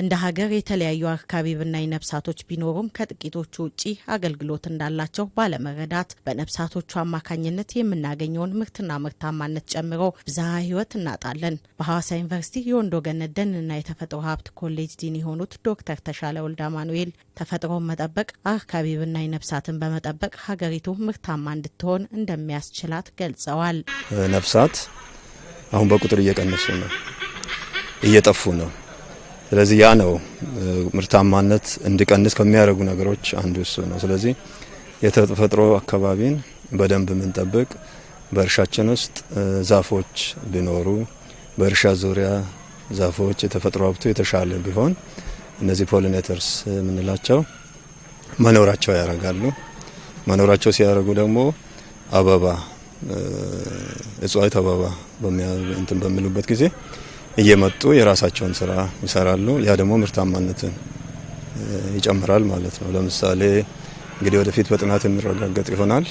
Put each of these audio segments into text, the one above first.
እንደ ሀገር የተለያዩ አርካቢ ብናኝ ነፍሳቶች ቢኖሩም ከጥቂቶቹ ውጪ አገልግሎት እንዳላቸው ባለመረዳት በነፍሳቶቹ አማካኝነት የምናገኘውን ምርትና ምርታማነት ጨምሮ ብዝሃ ሕይወት እናጣለን። በሐዋሳ ዩኒቨርሲቲ የወንዶ ገነት ደንና የተፈጥሮ ሀብት ኮሌጅ ዲን የሆኑት ዶክተር ተሻለ ወልዳ ማኑኤል ተፈጥሮን መጠበቅ፣ አርካቢ ብናኝ ነብሳትን በመጠበቅ ሀገሪቱ ምርታማ እንድትሆን እንደሚያስችላት ገልጸዋል። ነብሳት አሁን በቁጥር እየቀነሱ ነው፣ እየጠፉ ነው ስለዚህ ያ ነው ምርታማነት እንዲቀንስ ከሚያደርጉ ነገሮች አንዱ እሱ ነው። ስለዚህ የተፈጥሮ አካባቢን በደንብ የምንጠብቅ በእርሻችን ውስጥ ዛፎች ቢኖሩ በእርሻ ዙሪያ ዛፎች የተፈጥሮ ሀብቱ የተሻለ ቢሆን እነዚህ ፖሊኔተርስ የምንላቸው መኖራቸው ያደርጋሉ። መኖራቸው ሲያደርጉ ደግሞ አበባ እጽዋት አበባ እንትን በሚሉበት ጊዜ እየመጡ የራሳቸውን ስራ ይሰራሉ። ያ ደግሞ ምርታማነትን ይጨምራል ማለት ነው። ለምሳሌ እንግዲህ ወደፊት በጥናት የሚረጋገጥ ይሆናል።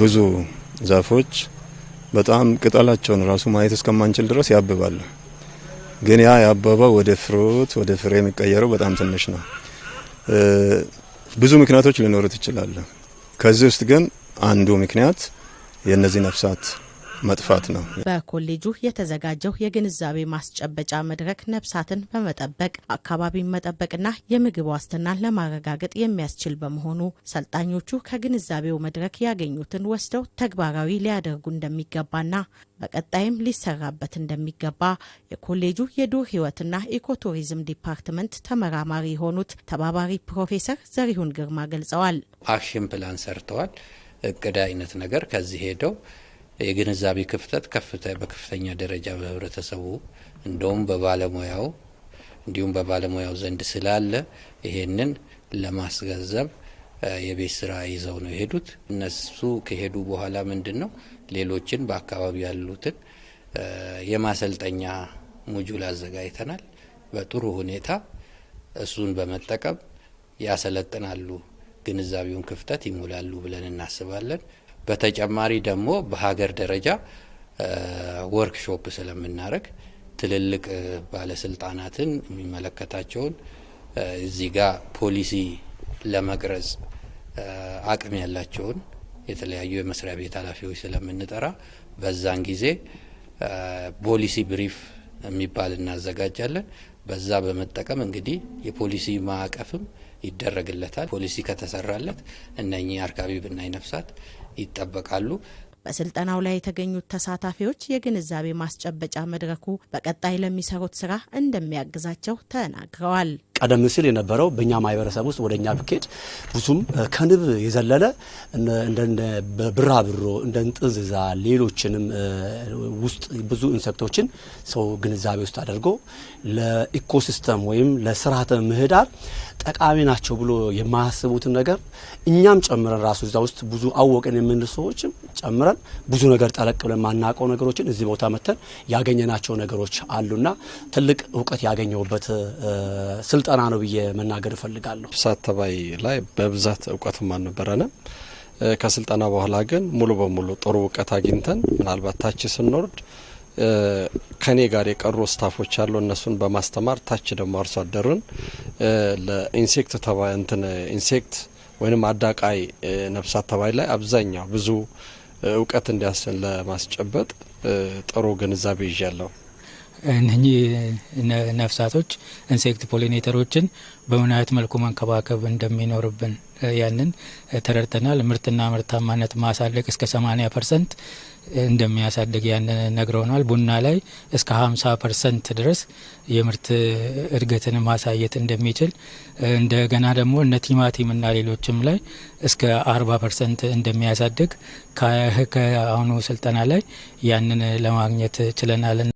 ብዙ ዛፎች በጣም ቅጠላቸውን ራሱ ማየት እስከማንችል ድረስ ያብባሉ። ግን ያ ያበበው ወደ ፍሩት ወደ ፍሬ የሚቀየረው በጣም ትንሽ ነው። ብዙ ምክንያቶች ሊኖሩት ይችላሉ። ከዚህ ውስጥ ግን አንዱ ምክንያት የእነዚህ ነፍሳት መጥፋት ነው። በኮሌጁ የተዘጋጀው የግንዛቤ ማስጨበጫ መድረክ ነፍሳትን በመጠበቅ አካባቢን መጠበቅና የምግብ ዋስትናን ለማረጋገጥ የሚያስችል በመሆኑ ሰልጣኞቹ ከግንዛቤው መድረክ ያገኙትን ወስደው ተግባራዊ ሊያደርጉ እንደሚገባና በቀጣይም ሊሰራበት እንደሚገባ የኮሌጁ የዱር ህይወትና ኢኮቱሪዝም ዲፓርትመንት ተመራማሪ የሆኑት ተባባሪ ፕሮፌሰር ዘሪሁን ግርማ ገልጸዋል። አክሽን ፕላን ሰርተዋል። እቅድ አይነት ነገር ከዚህ ሄደው የግንዛቤ ክፍተት ከፍተ በከፍተኛ ደረጃ በህብረተሰቡ እንደውም በባለሙያው እንዲሁም በባለሙያው ዘንድ ስላለ ይሄንን ለማስገንዘብ የቤት ስራ ይዘው ነው የሄዱት። እነሱ ከሄዱ በኋላ ምንድን ነው ሌሎችን በአካባቢ ያሉትን የማሰልጠኛ ሙጁል አዘጋጅተናል። በጥሩ ሁኔታ እሱን በመጠቀም ያሰለጥናሉ፣ ግንዛቤውን ክፍተት ይሞላሉ ብለን እናስባለን። በተጨማሪ ደግሞ በሀገር ደረጃ ወርክሾፕ ስለምናደርግ ትልልቅ ባለስልጣናትን የሚመለከታቸውን እዚህ ጋር ፖሊሲ ለመቅረጽ አቅም ያላቸውን የተለያዩ የመስሪያ ቤት ኃላፊዎች ስለምንጠራ በዛን ጊዜ ፖሊሲ ብሪፍ የሚባል እናዘጋጃለን። በዛ በመጠቀም እንግዲህ የፖሊሲ ማዕቀፍም ይደረግለታል። ፖሊሲ ከተሰራለት እነኚህ አርካቢ ብናይ ነፍሳት ይጠበቃሉ። በስልጠናው ላይ የተገኙት ተሳታፊዎች የግንዛቤ ማስጨበጫ መድረኩ በቀጣይ ለሚሰሩት ስራ እንደሚያግዛቸው ተናግረዋል። ቀደም ሲል የነበረው በእኛ ማህበረሰብ ውስጥ ወደ እኛ ብኬድ ብዙም ከንብ የዘለለ ብራብሮ እንደ እንጥንዝዛ ሌሎችንም ውስጥ ብዙ ኢንሴክቶችን ሰው ግንዛቤ ውስጥ አድርጎ ለኢኮሲስተም ወይም ለስርዓተ ምህዳር ጠቃሚ ናቸው ብሎ የማያስቡትን ነገር እኛም ጨምረን ራሱ እዛ ውስጥ ብዙ አወቅን የምንል ሰዎችም ጨምረን ብዙ ነገር ጠለቅ ብለን ማናውቀው ነገሮችን እዚህ ቦታ መተን ያገኘናቸው ነገሮች አሉና ትልቅ እውቀት ያገኘውበት ስልጠና ነው ብዬ መናገር እፈልጋለሁ። ነፍሳት ተባይ ላይ በብዛት እውቀትም አልነበረንም። ከስልጠና በኋላ ግን ሙሉ በሙሉ ጥሩ እውቀት አግኝተን ምናልባት ታች ስንወርድ ከኔ ጋር የቀሩ ስታፎች አሉ። እነሱን በማስተማር ታች ደግሞ አርሶ አደሩን ለኢንሴክት ተባይ እንትን ኢንሴክት ወይም አዳቃይ ነፍሳት ተባይ ላይ አብዛኛው ብዙ እውቀት እንዲያስችል ለማስጨበጥ ጥሩ ግንዛቤ ይዣለሁ። እነኚህ ነፍሳቶች ኢንሴክት ፖሊኔተሮችን በምን አይነት መልኩ መንከባከብ እንደሚኖርብን ያንን ተረድተናል። ምርትና ምርታማነት ማሳደግ እስከ 80 ፐርሰንት እንደሚያሳድግ ያንን ነግረውናል። ቡና ላይ እስከ 50 ፐርሰንት ድረስ የምርት እድገትን ማሳየት እንደሚችል እንደገና ደግሞ እነ ቲማቲምና ሌሎችም ላይ እስከ 40 ፐርሰንት እንደሚያሳድግ ከአሁኑ ስልጠና ላይ ያንን ለማግኘት ችለናል።